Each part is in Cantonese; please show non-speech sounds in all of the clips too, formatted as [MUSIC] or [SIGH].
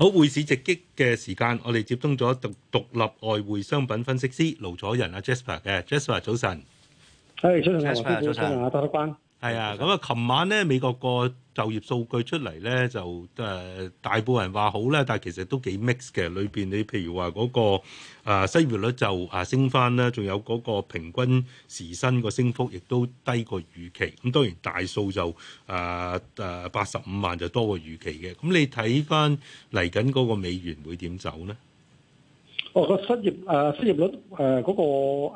好，匯市直擊嘅時間，我哋接通咗獨獨立外匯商品分析師盧楚仁阿 Jasper 嘅，Jasper 早晨，係、hey，早晨，早晨，早晨，大家係啊，咁啊，琴、嗯、晚咧美國個就業數據出嚟咧，就誒、呃、大部分人話好啦，但係其實都幾 mix 嘅，裏邊你譬如話嗰、那個、呃、失業率就啊升翻啦，仲有嗰個平均時薪個升幅亦都低過預期，咁當然大數就誒誒八十五萬就多過預期嘅，咁、嗯、你睇翻嚟緊嗰個美元會點走咧？我個、哦、失業誒、呃、失業率誒嗰、呃那個、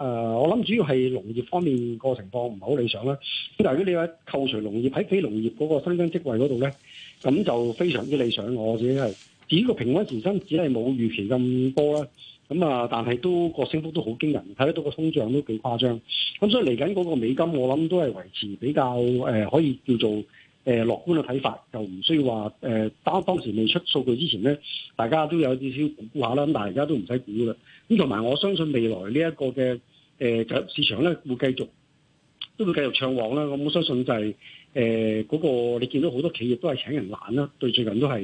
呃、我諗主要係農業方面個情況唔係好理想啦。咁但係如果你話扣除農業喺非農業嗰個新增職位嗰度咧，咁就非常之理想，我自己係。至於個平均時薪只係冇預期咁多啦。咁啊，但係都個升幅都好驚人，睇得到個通脹都幾誇張。咁所以嚟緊嗰個美金，我諗都係維持比較誒、呃，可以叫做。誒樂觀嘅睇法，就唔需要話誒、呃，當當時未出數據之前咧，大家都有少少估估下啦。咁但係而家都唔使估啦。咁同埋我相信未來呢一個嘅誒就市場咧會繼續都會繼續暢旺啦。咁我相信就係誒嗰個你見到好多企業都係請人難啦，對最近都係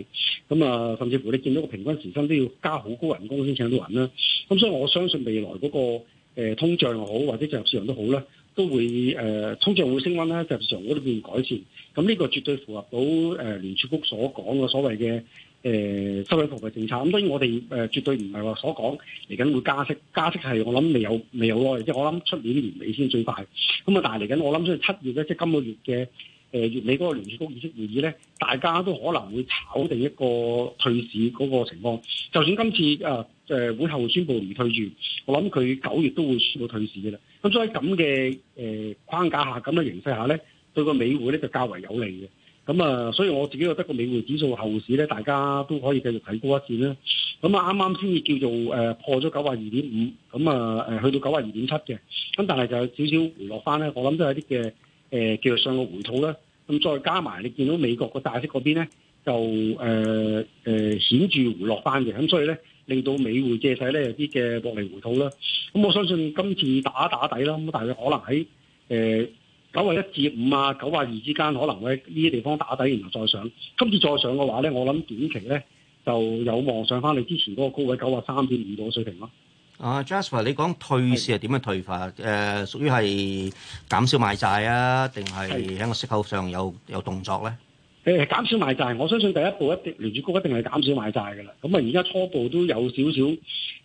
咁、嗯、啊，甚至乎你見到個平均時薪都要加好高人工先請到人啦。咁、嗯、所以我相信未來嗰、那個。誒通脹又好，或者進入市場都好啦，都會誒、呃、通脹會升溫啦，進入市場嗰度變改善。咁呢個絕對符合到誒、呃、聯儲局所講嘅所謂嘅誒、呃、收緊貨幣政策。咁當然我哋誒、呃、絕對唔係話所講嚟緊會加息，加息係我諗未有未有咯，即係我諗出年年尾先最快。咁啊，但係嚟緊我諗咗七月咧，即、就、係、是、今個月嘅誒、呃、月尾嗰個聯儲局議息會議咧，大家都可能會炒定一個退市嗰個情況。就算今次啊～、呃誒、呃、會後會宣布唔退住，我諗佢九月都會宣布退市嘅啦。咁所以咁嘅誒框架下，咁嘅形勢下咧，對個美匯咧就較為有利嘅。咁啊、呃，所以我自己覺得個美匯指數後市咧，大家都可以繼續睇高一線啦。咁啊，啱啱先至叫做誒、呃、破咗九啊二點五，咁啊誒去到九啊二點七嘅。咁但係就有少少回落翻咧，我諗都係一啲嘅誒叫做上落回吐啦。咁再加埋你見到美國個債息嗰邊咧，就誒誒顯著回落翻嘅。咁所以咧。令到美匯借勢咧有啲嘅薄利回吐啦，咁我相信今次打打底啦，咁但係佢可能喺誒九啊一至五啊九啊二之間，可能咧呢啲地方打底，然後再上。今次再上嘅話咧，我諗短期咧就有望上翻你之前嗰個高位九啊三點五度嘅水平咯。啊，Jasper，你講退市係點樣退法？誒、呃，屬於係減少買債啊，定係喺個息口上有是有動作咧？誒，減少買債，我相信第一步一定，聯儲局一定係減少買債噶啦。咁啊，而家初步都有少少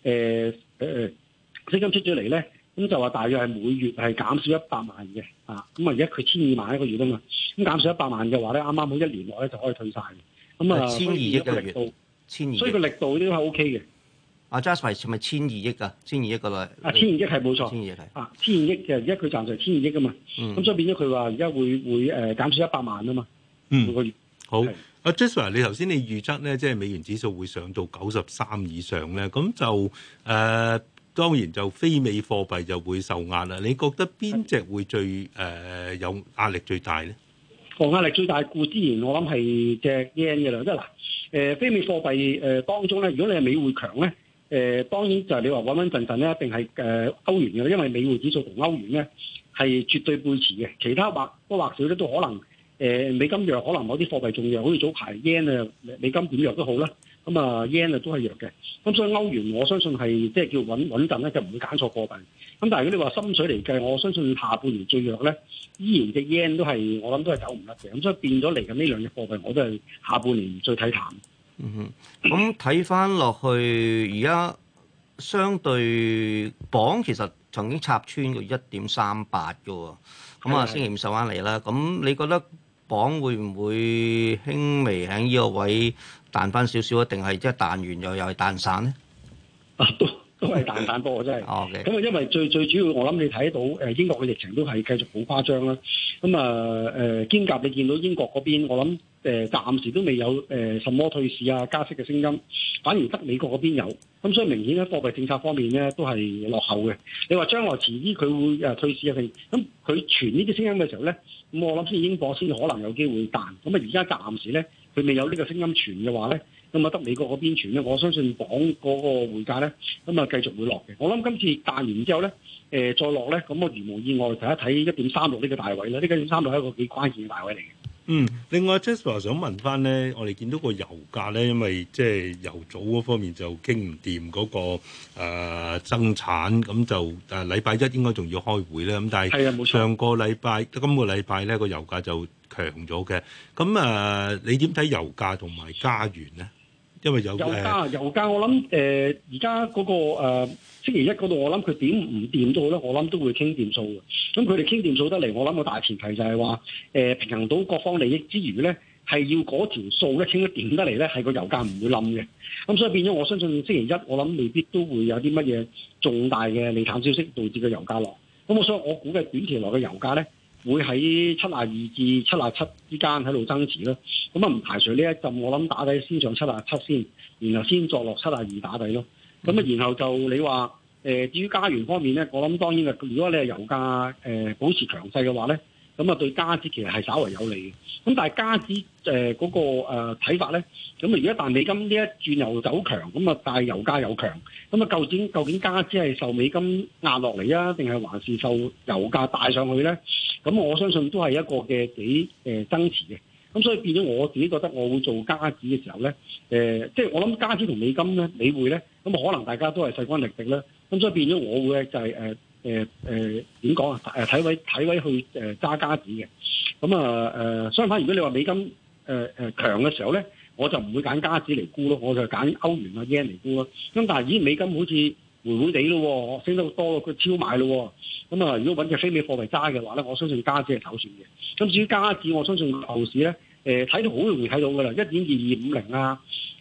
誒誒資金出咗嚟咧，咁就話大約係每月係減少一百萬嘅，啊，咁啊，而家佢千二萬一個月啊嘛，咁減少一百萬嘅話咧，啱啱好一年內咧就可以退晒，okay。咁啊，千二億嘅力度，千二，所以個力度呢啲係 O K 嘅。阿 Jasper 係咪千二億噶？千二億個例，啊，千二億係冇錯，千二係，啊，千二億嘅，而家佢暫時千二億噶嘛，咁所以變咗佢話而家會會誒減少一百萬啊嘛。嗯，好。阿 Jessica，你頭先你預測咧，即係美元指數會上到九十三以上咧，咁就誒當然就非美貨幣就會受壓啦。你覺得邊隻會最誒有壓力最大咧？個壓力最大固之然我諗係隻 yen 嘅啦。即係嗱，誒非美貨幣誒當中咧，如果你係美匯強咧，誒當然就係你話穩穩陣陣咧，一定係誒歐元嘅，因為美匯指數同歐元咧係絕對背馳嘅，其他或多或少咧都可能。誒、呃、美金弱，可能某啲貨幣仲弱，好似早排 yen 啊，美金點弱都好啦。咁啊 yen 啊都係弱嘅。咁、嗯、所以歐元，我相信係即係叫穩穩陣咧，就唔會揀錯貨幣。咁但係如果你話深水嚟計，我相信下半年最弱咧，依然隻 yen 都係我諗都係走唔甩嘅。咁所以變咗嚟緊呢兩隻貨幣，我都係下半年最睇淡。嗯哼，咁睇翻落去而家，相對鎊其實曾經插穿過一點三八㗎喎。咁啊星期五收翻嚟啦。咁你覺得？鎊會唔會輕微喺呢個位彈翻少少，定係即係彈完又又係彈散咧？啊都係彈彈波，真係。咁啊，因為最最主要，我諗你睇到誒英國嘅疫情都係繼續好誇張啦。咁啊誒兼夾你見到英國嗰邊，我諗誒、呃、暫時都未有誒、呃、什麼退市啊加息嘅聲音，反而得美國嗰邊有。咁所以明顯咧貨幣政策方面咧都係落後嘅。你話將來遲啲佢會誒退市啊？咁佢傳呢啲聲音嘅時候咧，咁我諗先英國先可能有機會彈。咁啊而家暫時咧佢未有呢個聲音傳嘅話咧。咁啊，得美國嗰邊傳咧，我相信磅嗰個匯價咧，咁啊繼續會落嘅。我諗今次彈完之後咧，誒再落咧，咁我如無意外，睇一睇一點三六呢個大位啦。呢個點三六係一個幾關鍵嘅大位嚟嘅。嗯，另外 Jasper 想問翻咧，我哋見到個油價咧，因為即係油組嗰方面就傾唔掂嗰個誒生產，咁就誒禮拜一應該仲要開會咧。咁但係，係呀，冇錯。上個禮拜、今個禮拜咧個油價就強咗嘅。咁啊，你點睇油價同埋加元咧？因為有油價，油價我諗，誒而家嗰個、呃、星期一嗰度，我諗佢點唔掂都好咧，我諗都會傾掂數嘅。咁佢哋傾掂數得嚟，我諗個大前提就係話，誒、呃、平衡到各方利益之餘咧，係要嗰條數咧傾得掂得嚟咧，係個油價唔會冧嘅。咁所以變咗，我相信星期一我諗未必都會有啲乜嘢重大嘅利淡消息導致個油價落。咁我所以，我估嘅短期內嘅油價咧。會喺七廿二至七廿七之間喺度爭持咯，咁啊唔排除呢一陣我諗打底先上七廿七先，然後先作落七廿二打底咯。咁啊、嗯，然後就你話誒、呃，至於加元方面咧，我諗當然啊，如果你係油價誒、呃、保持強勢嘅話咧。咁啊、嗯，對加紙其實係稍為有利嘅。咁但係加紙誒嗰、呃那個睇、呃、法咧，咁、嗯、啊，而一旦美金呢一轉又走強，咁啊但油價又強，咁、嗯、啊，究竟究竟加紙係受美金壓落嚟啊，定係還是受油價帶上去咧？咁、嗯、我相信都係一個嘅幾誒爭持嘅。咁、嗯、所以變咗我自己覺得，我會做加紙嘅時候咧，誒、呃，即、就、係、是、我諗加紙同美金咧，美匯咧，咁、嗯、啊，可能大家都係勢均力敵啦。咁、嗯、所以變咗我會咧就係、是、誒。呃誒誒點講啊？誒睇、呃呃呃、位睇位去誒揸、呃、家子嘅，咁啊誒相反，如果你話美金誒誒、呃、強嘅時候咧，我就唔會揀家子嚟沽咯，我就揀歐元啊 yen 嚟沽咯。咁但係依美金好似回緩哋咯，升得多，佢超買咯。咁啊，如果揾隻非美貨幣揸嘅話咧，我相信家子係首選嘅。咁至於家子，我相信牛市咧。誒睇到好容易睇到㗎啦，一點二二五零啊，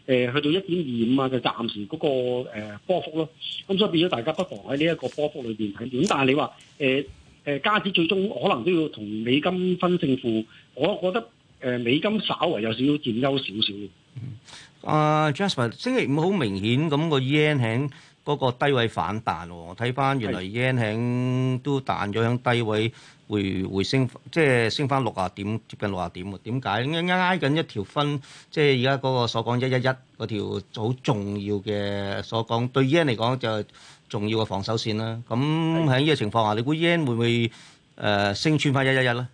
誒去到一點二五啊，就暫時嗰個波幅咯。咁所以變咗大家不妨喺呢一個波幅裏邊睇點。但係你話誒誒加紙最終可能都要同美金分勝負，我覺得誒美金稍為有少少佔優少少。嗯。啊、 [NOISE] uh，Jasper，星期五好明顯咁個 yen 喺嗰個低位反彈喎。我睇翻原來 yen 喺都彈咗喺低位。會回升，即係升翻六啊點，接近六啊點喎。點解？依家挨緊一條分，即係而家嗰個所講一一一嗰條好重要嘅所講，對 E N 嚟講就重要嘅防守線啦。咁喺呢個情況下，你估 E N 會唔會誒、呃、升穿翻一一一咧？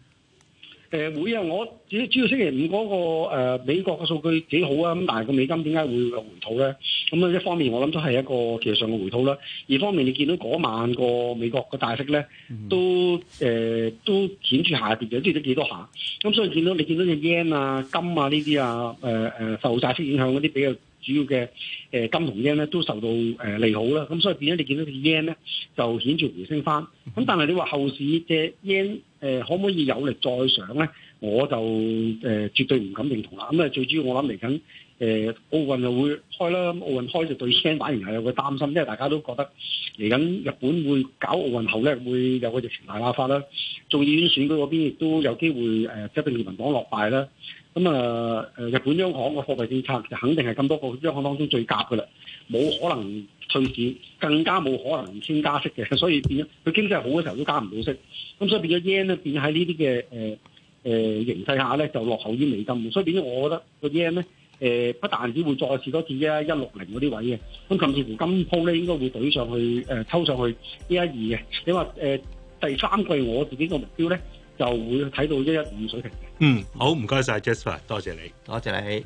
誒、呃、會啊！我主主要星期五嗰、那個、呃、美國嘅數據幾好啊，咁但係個美金點解會回吐咧？咁、嗯、啊一方面我諗都係一個技術上嘅回吐啦，二方面你見到嗰晚個美國嘅大息咧，都誒、呃、都顯著下跌咗，都跌咗幾多下。咁、嗯、所以見到你見到隻 yen 啊、金啊呢啲啊誒誒、呃、受債息影響嗰啲比較。主要嘅誒金同 yen 咧都受到誒利好啦，咁所以變咗你見到嘅 yen 咧就顯著回升返。咁但係你話後市嘅 yen 誒可唔可以有力再上咧？我就誒絕對唔敢認同啦。咁啊最主要我諗嚟緊。誒、呃、奧運又會開啦，奧運開就對 yen 反而係有個擔心，因為大家都覺得嚟緊日本會搞奧運後咧，會有個疫情大爆發啦。眾議院選舉嗰邊亦都有機會誒，即係對民黨落敗啦。咁啊誒，日本央行個貨幣政策就肯定係咁多個央行當中最鴿噶啦，冇可能退市，更加冇可能先加息嘅，所以變咗佢經濟好嘅時候都加唔到息，咁、嗯、所以變咗 yen 咧變咗喺呢啲嘅誒誒形勢下咧就落後於美金，所以變咗我覺得個 yen 咧。誒不但止會再次多次一一六零嗰啲位嘅，咁甚至乎今鋪咧應該會對上去誒、呃，抽上去一一二嘅。你話誒第三季我自己個目標咧，就會睇到一一五水平嘅。嗯，好唔該晒，Jasper，多謝你，多謝你。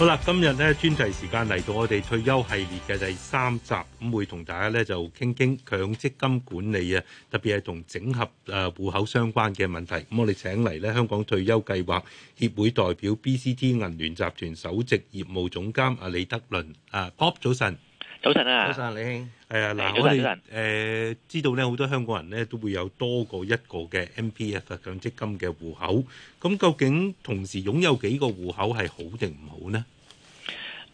好啦，今日咧專題時間嚟到我哋退休系列嘅第三集，咁會同大家咧就傾傾強積金管理啊，特別係同整合誒戶口相關嘅問題。咁我哋請嚟咧香港退休計劃協會代表 BCT 銀聯集團首席業務總監阿李德麟啊，Bob，早晨。早晨啊！早晨啊，李兄係啊，早晨，早晨誒知道咧，好多香港人咧都會有多過一個嘅 MPF 強積金嘅戶口。咁究竟同時擁有幾個戶口係好定唔好呢？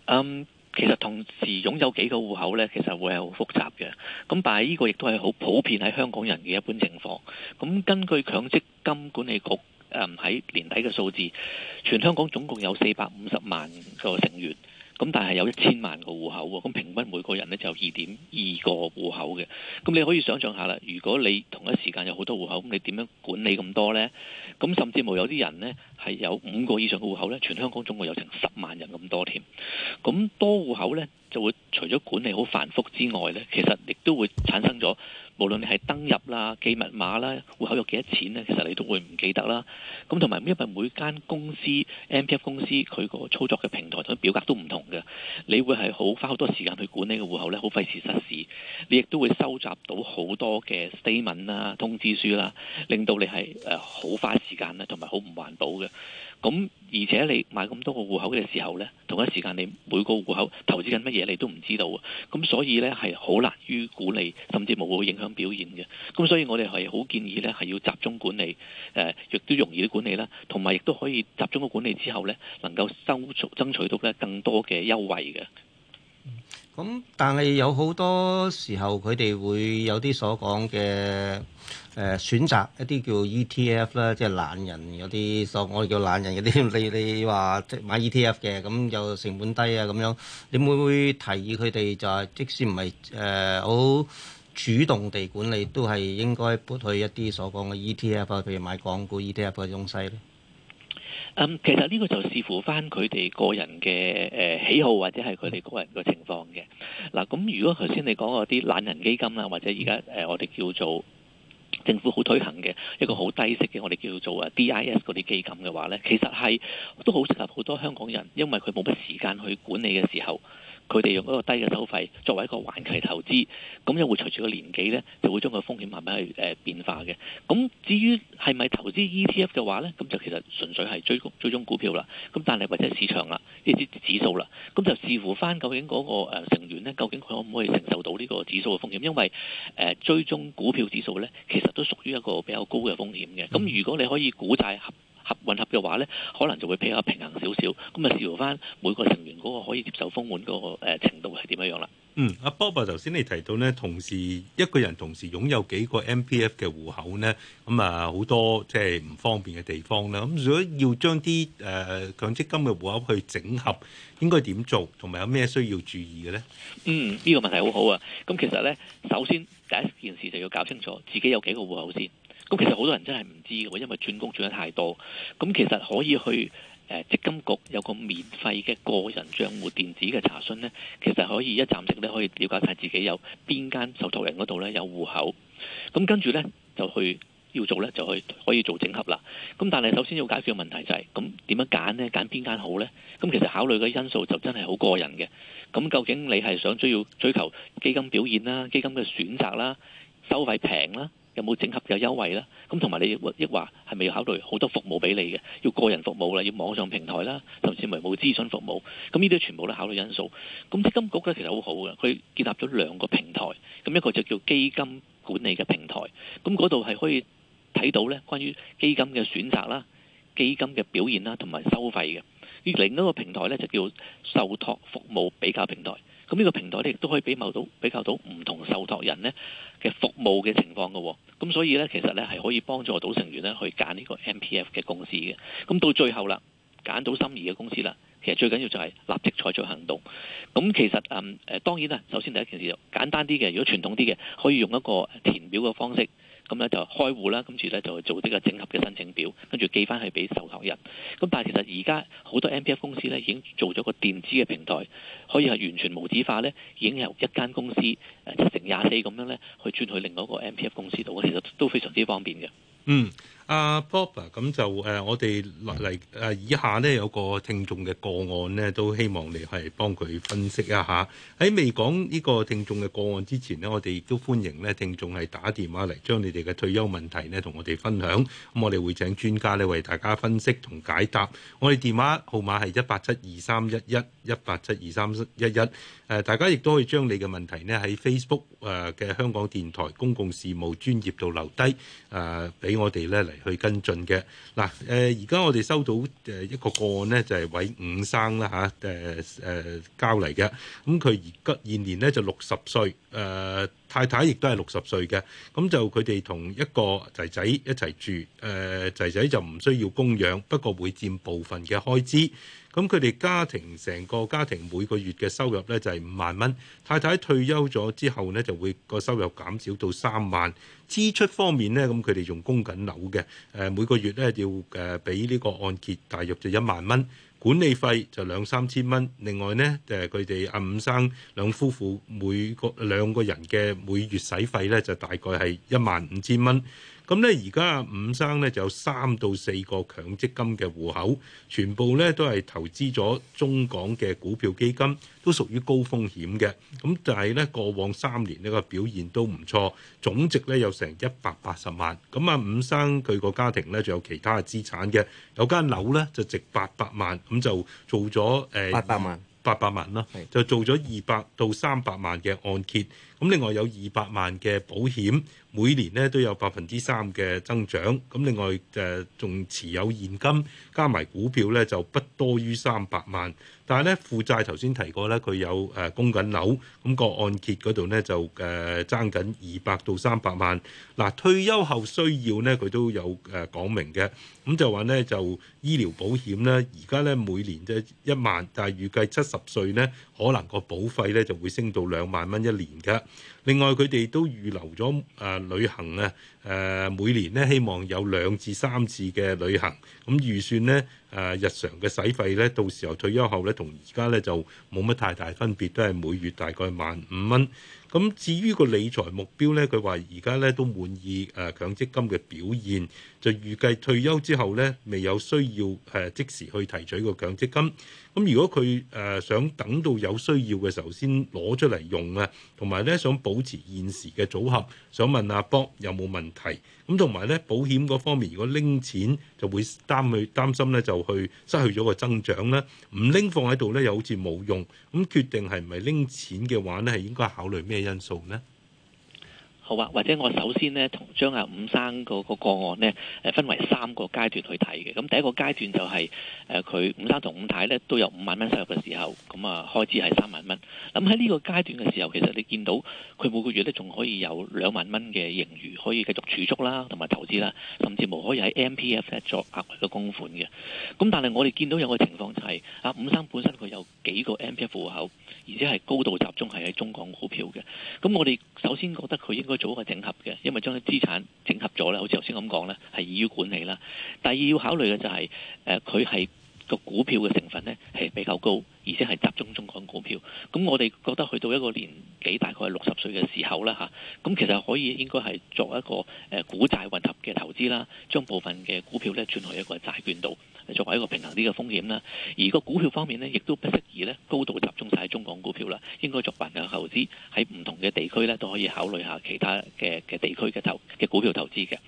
嗯，其實同時擁有幾個戶口咧，其實會係好複雜嘅。咁但係呢個亦都係好普遍喺香港人嘅一般情況。咁根據強積金管理局誒喺年底嘅數字，全香港總共有四百五十萬個成員。咁但係有一千萬個戶口喎，咁平均每個人咧就二點二個戶口嘅，咁你可以想象下啦，如果你同一時間有好多戶口，咁你點樣管理咁多呢？咁甚至乎有啲人咧係有五個以上戶口咧，全香港總共有成十萬人咁多添。咁多戶口咧就會除咗管理好繁複之外咧，其實亦都會產生咗，無論你係登入啦、記密碼啦、戶口有幾多錢咧，其實你都會唔記得啦。咁同埋因為每間公司、MPF 公司佢個操作嘅平台同表格都唔同嘅，你會係好花好多時間去管理個戶口咧，好費事失事。你亦都會收集到好多嘅 statement 啦、通知書啦，令到你係誒好快。時間呢，同埋好唔環保嘅。咁而且你買咁多個戶口嘅時候呢，同一時間你每個戶口投資緊乜嘢，你都唔知道啊。咁所以呢，係好難於管理，甚至冇會影響表現嘅。咁所以，我哋係好建議呢，係要集中管理，亦、呃、都容易管理啦。同埋亦都可以集中個管理之後呢，能夠收取爭取到呢更多嘅優惠嘅。咁、嗯、但係有好多時候，佢哋會有啲所講嘅誒選擇一啲叫 E T F 啦，即係懶人有啲所我哋叫懶人有啲你你話買 E T F 嘅，咁又成本低啊咁樣，你會唔會提議佢哋就係即使唔係誒好主動地管理，都係應該撥去一啲所講嘅 E T F 啊，譬如買港股 E T F 嘅東西咧？其實呢個就視乎翻佢哋個人嘅誒喜好或者係佢哋個人嘅情況嘅。嗱，咁如果頭先你講嗰啲懶人基金啦，或者而家誒我哋叫做政府好推行嘅一個好低息嘅我哋叫做啊 DIS 嗰啲基金嘅話呢，其實係都好適合好多香港人，因為佢冇乜時間去管理嘅時候。佢哋用一個低嘅收費作為一個環球投資，咁又會隨住個年紀呢，就會將個風險慢慢去誒變化嘅。咁至於係咪投資 ETF 嘅話呢，咁就其實純粹係追追蹤股票啦。咁但係或者市場啦，啲啲指數啦，咁就視乎返究竟嗰個成員呢，究竟佢可唔可以承受到呢個指數嘅風險？因為誒、呃、追蹤股票指數呢，其實都屬於一個比較高嘅風險嘅。咁如果你可以股債合。合混合嘅話咧，可能就會比較平衡少少，咁啊，視乎翻每個成員嗰個可以接受封滿嗰個程度係點樣樣啦。嗯，阿 Bob 伯頭先你提到咧，同時一個人同時擁有幾個 M P F 嘅戶口咧，咁啊好多即係唔方便嘅地方啦。咁如果要將啲誒強積金嘅戶口去整合，應該點做，同埋有咩需要注意嘅咧？嗯，呢、就是嗯，這個問題好好啊。咁、嗯，這個啊、其實咧，首先第一件事就要搞清楚自己有幾個戶口先。咁其實好多人真係唔知嘅喎，因為轉工轉得太多。咁其實可以去誒積金局有個免費嘅個人帳戶電子嘅查詢呢，其實可以一站式咧可以了解晒自己有邊間受託人嗰度呢，有戶口。咁跟住呢，就去要做呢，就去可以做整合啦。咁但係首先要解決嘅問題就係，咁點樣揀呢？揀邊間好呢？咁其實考慮嘅因素就真係好個人嘅。咁究竟你係想追要追求基金表現啦、基金嘅選擇啦、收費平啦？有冇整合有優惠啦？咁同埋你亦話係咪考慮好多服務俾你嘅，要個人服務啦，要網上平台啦，甚至乎有冇諮詢服務？咁呢啲全部都考慮因素。咁積金局咧其實好好嘅，佢建立咗兩個平台，咁一個就叫基金管理嘅平台，咁嗰度係可以睇到呢關於基金嘅選擇啦、基金嘅表現啦同埋收費嘅。而另一個平台呢，就叫受託服務比較平台。咁呢個平台呢，亦都可以俾謀到比較到唔同受託人呢嘅服務嘅情況嘅、哦。咁所以呢，其實呢係可以幫助到成員呢去揀呢個 MPF 嘅公司嘅。咁到最後啦，揀到心儀嘅公司啦，其實最緊要就係立即採取行動。咁其實誒、嗯、當然啦，首先第一件事就簡單啲嘅，如果傳統啲嘅，可以用一個填表嘅方式。咁咧就開戶啦，跟住咧就做呢個整合嘅申請表，跟住寄翻去俾受託人。咁但係其實而家好多 M P F 公司咧已經做咗個電子嘅平台，可以係完全無紙化咧，已經由一間公司誒七成廿四咁樣咧去轉去另外一個 M P F 公司度，其實都非常之方便嘅。嗯。阿、uh, Bob 啊，咁就誒，我哋落嚟誒以下呢，有個聽眾嘅個案呢，都希望你係幫佢分析一下。喺未講呢個聽眾嘅個案之前呢，我哋亦都歡迎呢聽眾係打電話嚟將你哋嘅退休問題呢同我哋分享。咁我哋會請專家呢為大家分析同解答。我哋電話號碼係一八七二三一一一八七二三一一。誒、呃，大家亦都可以將你嘅問題呢喺 Facebook 誒、呃、嘅香港電台公共事務專業度留低誒，俾、呃、我哋呢。嚟。去跟進嘅嗱，誒而家我哋收到誒一個個案，就是啊啊啊嗯、呢，就係位伍生啦嚇，誒誒交嚟嘅，咁佢現年呢就六十歲，誒、呃、太太亦都係六十歲嘅，咁、嗯、就佢哋同一個仔仔一齊住，誒仔仔就唔需要供養，不過會佔部分嘅開支。咁佢哋家庭成個家庭每個月嘅收入咧就係五萬蚊，太太退休咗之後呢，就會個收入減少到三萬。支出方面呢，咁佢哋用供緊樓嘅，誒每個月咧要誒俾呢個按揭大約就一萬蚊，管理費就兩三千蚊。另外咧誒佢哋阿五生兩夫婦，每個兩個人嘅每月使費咧就大概係一萬五千蚊。咁咧，而家啊，五生咧就有三到四個強積金嘅戶口，全部咧都係投資咗中港嘅股票基金，都屬於高風險嘅。咁但係咧，過往三年呢個表現都唔錯，總值咧有成一百八十萬。咁啊，五生佢個家庭咧仲有其他嘅資產嘅，有間樓咧就值八百萬，咁就做咗誒，八百萬。八百萬啦，是就做咗二百到三百萬嘅按揭，咁另外有二百萬嘅保險，每年呢都有百分之三嘅增長，咁另外誒仲持有現金，加埋股票呢，就不多於三百萬。但係咧負債，頭先提過咧，佢有誒、呃、供緊樓，咁、那個按揭嗰度咧就誒爭緊二百到三百萬。嗱、呃、退休後需要咧，佢都有誒講、呃、明嘅，咁就話咧就醫療保險咧，而家咧每年即係一萬，但係預計七十歲咧，可能個保費咧就會升到兩萬蚊一年㗎。另外佢哋都預留咗誒旅行咧，誒每年咧希望有兩至三次嘅旅行。咁預算咧誒日常嘅使費咧，到時候退休後咧同而家咧就冇乜太大分別，都係每月大概萬五蚊。咁至於個理財目標咧，佢話而家咧都滿意誒強積金嘅表現，就預計退休之後咧未有需要誒即時去提取個強積金。咁如果佢誒想等到有需要嘅時候先攞出嚟用啊，同埋咧想保持現時嘅組合，想問阿博有冇問題？咁同埋咧保險嗰方面，如果拎錢就會擔去擔心咧，就去失去咗個增長咧，唔拎放喺度咧又好似冇用。咁決定係唔係拎錢嘅話咧，係應該考慮咩因素咧？好啊，或者我首先呢，同將阿伍生嗰個個案呢，分為三個階段去睇嘅。咁、嗯、第一個階段就係、是、誒，佢、呃、伍生同伍太呢都有五萬蚊收入嘅時候，咁、嗯、啊開支係三萬蚊。咁喺呢個階段嘅時候，其實你見到佢每個月咧仲可以有兩萬蚊嘅盈餘可以繼續儲蓄啦，同埋投資啦，甚至乎可以喺 M P F 咧作額外嘅供款嘅。咁、嗯、但係我哋見到有個情況就係、是、阿、啊、伍生本身佢有幾個 M P F 戶口，而且係高度集中係喺中港股票嘅。咁、嗯、我哋首先覺得佢應該。做一個整合嘅。因為將啲資產整合咗咧，好似頭先咁講咧，係易於管理啦。第二要考慮嘅就係、是，誒，佢係個股票嘅成分咧係比較高，而且係集中中港股票。咁我哋覺得去到一個年紀，大概係六十歲嘅時候啦，吓，咁其實可以應該係作一個誒股債混合嘅投資啦，將部分嘅股票咧轉去一個債券度。作為一個平衡呢個風險啦，而個股票方面呢，亦都不適宜呢高度集中晒喺中港股票啦。應該作橫向嘅投資，喺唔同嘅地區呢，都可以考慮下其他嘅嘅地區嘅投嘅股票投資嘅。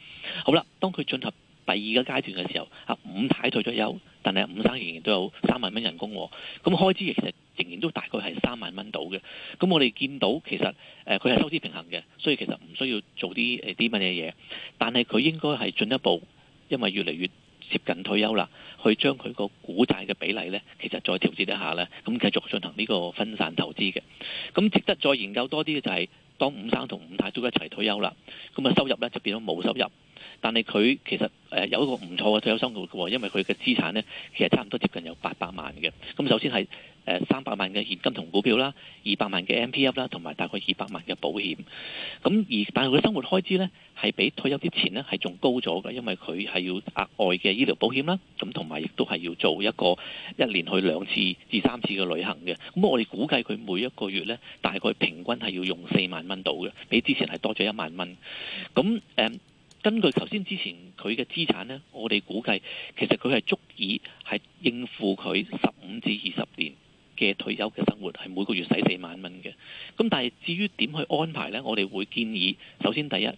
好啦，當佢進入第二個階段嘅時候，阿五太退咗休，但係五生仍然都有三萬蚊人工，咁開支其實仍然都大概係三萬蚊到嘅。咁我哋見到其實誒佢係收支平衡嘅，所以其實唔需要做啲誒啲乜嘢嘢。但係佢應該係進一步，因為越嚟越。接近退休啦，去將佢個股債嘅比例呢，其實再調節一下呢，咁繼續進行呢個分散投資嘅。咁值得再研究多啲嘅就係，當五生同五太都一齊退休啦，咁嘅收入呢，就變咗冇收入，但係佢其實誒有一個唔錯嘅退休生活嘅，因為佢嘅資產呢，其實差唔多接近有八百萬嘅。咁首先係。三百萬嘅現金同股票啦，二百萬嘅 MPF 啦，同埋大概二百萬嘅保險。咁而但係佢生活開支呢，係比退休之前呢，係仲高咗嘅，因為佢係要額外嘅醫療保險啦，咁同埋亦都係要做一個一年去兩次至三次嘅旅行嘅。咁我哋估計佢每一個月呢，大概平均係要用四萬蚊到嘅，比之前係多咗一萬蚊。咁根據頭先之前佢嘅資產呢，我哋估計其實佢係足以係應付佢十五至二十年，嘅退休嘅生活係每個月使四萬蚊嘅，咁但係至於點去安排咧？我哋會建議首先第一，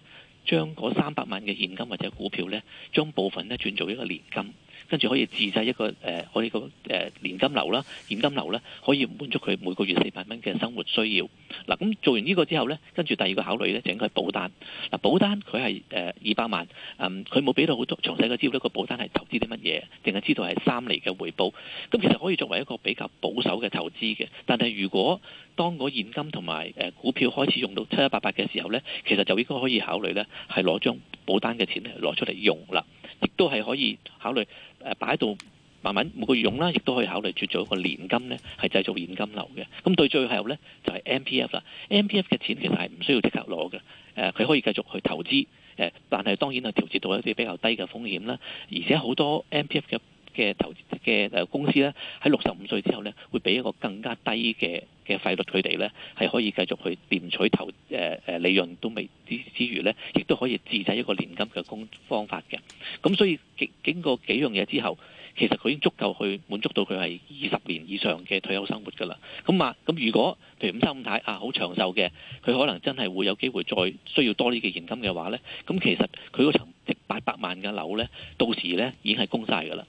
將嗰三百萬嘅現金或者股票咧，將部分咧轉做一個年金。跟住可以自製一個誒，可以個誒現金流啦、呃，現金流咧可以滿足佢每個月四百蚊嘅生活需要。嗱、啊，咁做完呢個之後咧，跟住第二個考慮咧整係保單。嗱、就是，保單佢係誒二百萬，嗯，佢冇俾到好多詳細嘅資料，呢個保單係投資啲乜嘢，淨係知道係三厘嘅回報。咁、啊、其實可以作為一個比較保守嘅投資嘅。但係如果當個現金同埋誒股票開始用到七七八八嘅時候咧，其實就應該可以考慮咧係攞張保單嘅錢咧攞出嚟用啦。亦都係可以考慮誒擺喺度慢慢每個月用啦，亦都可以考慮轉做一個年金咧，係製造現金流嘅。咁對最後咧就係、是、M P F 啦，M P F 嘅錢其實係唔需要即刻攞嘅，誒、呃、佢可以繼續去投資，誒、呃、但係當然係調節到一啲比較低嘅風險啦，而且好多 M P F 嘅嘅投資嘅誒公司咧，喺六十五歲之後咧，會俾一個更加低嘅嘅費率，佢哋咧係可以繼續去攢取投誒誒、呃、利潤都未之之餘咧，亦都可以自製一個年金嘅供方法嘅。咁所以經經過幾樣嘢之後，其實佢已經足夠去滿足到佢係二十年以上嘅退休生活噶啦。咁啊，咁如果譬如五三五太啊好長壽嘅，佢可能真係會有機會再需要多啲嘅現金嘅話咧，咁其實佢個層值八百萬嘅樓咧，到時咧已經係供晒噶啦。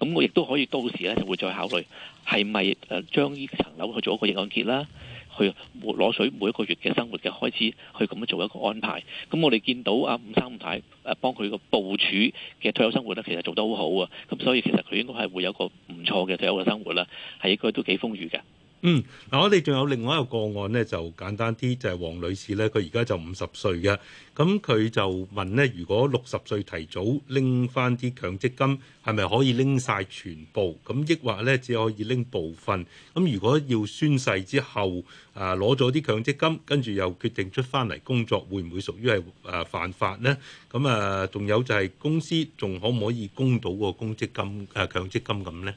咁我亦都可以到時咧，就會再考慮係咪誒將呢層樓去做一個逆按揭啦，去攞水每一個月嘅生活嘅開支去咁樣做一個安排。咁我哋見到阿、啊、五三五太誒、啊、幫佢個部署嘅退休生活咧，其實做得好好啊。咁所以其實佢應該係會有個唔錯嘅退休嘅生活啦，係應該都幾豐裕嘅。嗯，嗱，我哋仲有另外一個個案咧，就簡單啲，就係、是、王女士咧，佢而家就五十歲嘅，咁佢就問咧，如果六十歲提早拎翻啲強積金，係咪可以拎晒全部？咁抑或咧，只可以拎部分？咁如果要宣誓之後，啊攞咗啲強積金，跟住又決定出翻嚟工作，會唔會屬於係誒犯法咧？咁啊，仲有就係公司仲可唔可以供到個公積金誒強積金咁咧？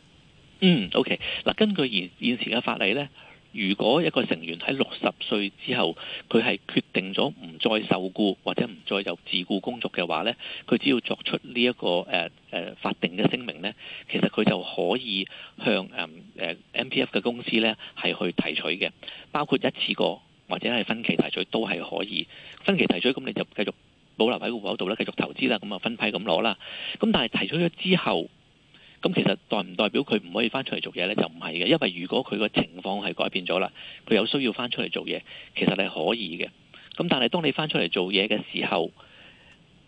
嗯，OK。嗱，根據現現時嘅法例呢，如果一個成員喺六十歲之後，佢係決定咗唔再受雇或者唔再有自雇工作嘅話呢，佢只要作出呢、這、一個誒誒、uh, uh, 法定嘅聲明呢，其實佢就可以向 M、um, uh, P F 嘅公司呢係去提取嘅，包括一次過或者係分期提取都係可以。分期提取咁你就繼續保留喺個戶口度咧，繼續投資啦，咁啊分批咁攞啦。咁但係提取咗之後。咁其實代唔代表佢唔可以翻出嚟做嘢呢？就唔係嘅，因為如果佢個情況係改變咗啦，佢有需要翻出嚟做嘢，其實你可以嘅。咁但係當你翻出嚟做嘢嘅時候，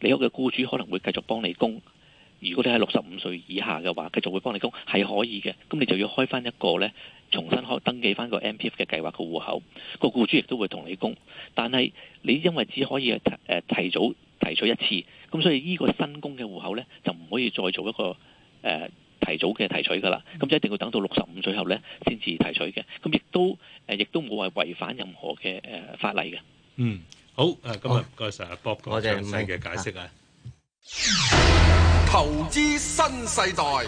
你屋嘅僱主可能會繼續幫你供。如果你係六十五歲以下嘅話，繼續會幫你供係可以嘅。咁你就要開翻一個呢，重新開登記翻個 MPF 嘅計劃個戶口，個僱主亦都會同你供。但係你因為只可以提早提取一次，咁所以呢個新供嘅戶口呢，就唔可以再做一個誒。呃提早嘅提取噶啦，咁就一定要等到六十五歲後咧，先至提取嘅。咁亦都，誒，亦都冇係違反任何嘅，誒，法例嘅。嗯，好，誒的，今日，唔該晒阿 Bob 嘅詳細嘅解釋啊。投資新世代。